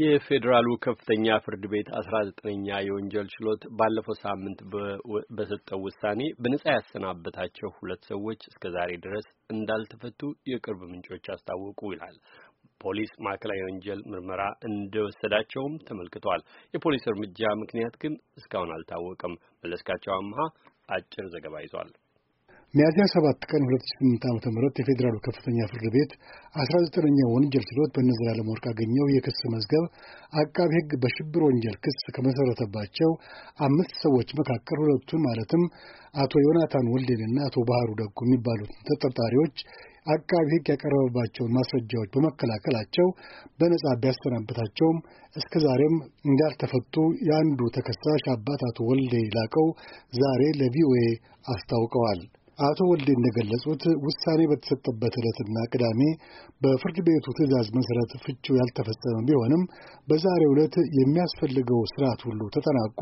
የፌዴራሉ ከፍተኛ ፍርድ ቤት አስራ ዘጠነኛ የወንጀል ችሎት ባለፈው ሳምንት በሰጠው ውሳኔ በነጻ ያሰናበታቸው ሁለት ሰዎች እስከ ዛሬ ድረስ እንዳልተፈቱ የቅርብ ምንጮች አስታወቁ ይላል። ፖሊስ ማዕከላዊ የወንጀል ምርመራ እንደወሰዳቸውም ተመልክቷል። የፖሊስ እርምጃ ምክንያት ግን እስካሁን አልታወቀም። መለስካቸው አምሃ አጭር ዘገባ ይዟል። ሚያዝያ 7 ቀን 2008 ዓ ም የፌዴራሉ ከፍተኛ ፍርድ ቤት 19ኛው ወንጀል ችሎት በእነ ዘላለም ወርቅ የክስ መዝገብ አቃቢ ሕግ በሽብር ወንጀል ክስ ከመሠረተባቸው አምስት ሰዎች መካከል ሁለቱን ማለትም አቶ ዮናታን ወልዴንና አቶ ባህሩ ደጉ የሚባሉትን ተጠርጣሪዎች አቃቢ ሕግ ያቀረበባቸውን ማስረጃዎች በመከላከላቸው በነጻ ቢያሰናበታቸውም እስከ ዛሬም እንዳልተፈቱ የአንዱ ተከሳሽ አባት አቶ ወልዴ ላቀው ዛሬ ለቪኦኤ አስታውቀዋል። አቶ ወልዴ እንደገለጹት ውሳኔ በተሰጠበት ዕለትና ቅዳሜ በፍርድ ቤቱ ትዕዛዝ መሠረት ፍቺው ያልተፈጸመ ቢሆንም በዛሬ ዕለት የሚያስፈልገው ስርዓት ሁሉ ተጠናቆ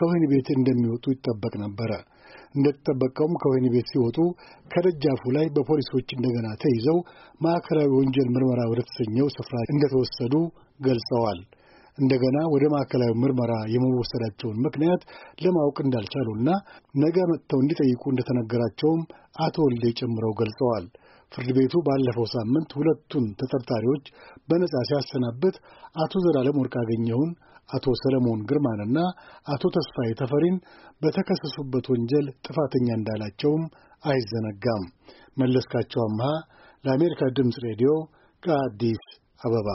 ከወህኒ ቤት እንደሚወጡ ይጠበቅ ነበረ። እንደተጠበቀውም ከወህኒ ቤት ሲወጡ ከደጃፉ ላይ በፖሊሶች እንደገና ተይዘው ማዕከላዊ ወንጀል ምርመራ ወደተሰኘው ስፍራ እንደተወሰዱ ገልጸዋል። እንደገና ወደ ማዕከላዊ ምርመራ የመወሰዳቸውን ምክንያት ለማወቅ እንዳልቻሉና ነገ መጥተው እንዲጠይቁ እንደተነገራቸውም አቶ ወልዴ ጨምረው ገልጸዋል። ፍርድ ቤቱ ባለፈው ሳምንት ሁለቱን ተጠርጣሪዎች በነጻ ሲያሰናብት አቶ ዘላለም ወርቅ ያገኘውን አቶ ሰለሞን ግርማንና አቶ ተስፋዬ ተፈሪን በተከሰሱበት ወንጀል ጥፋተኛ እንዳላቸውም አይዘነጋም። መለስካቸው አምሃ ለአሜሪካ ድምፅ ሬዲዮ ከአዲስ አበባ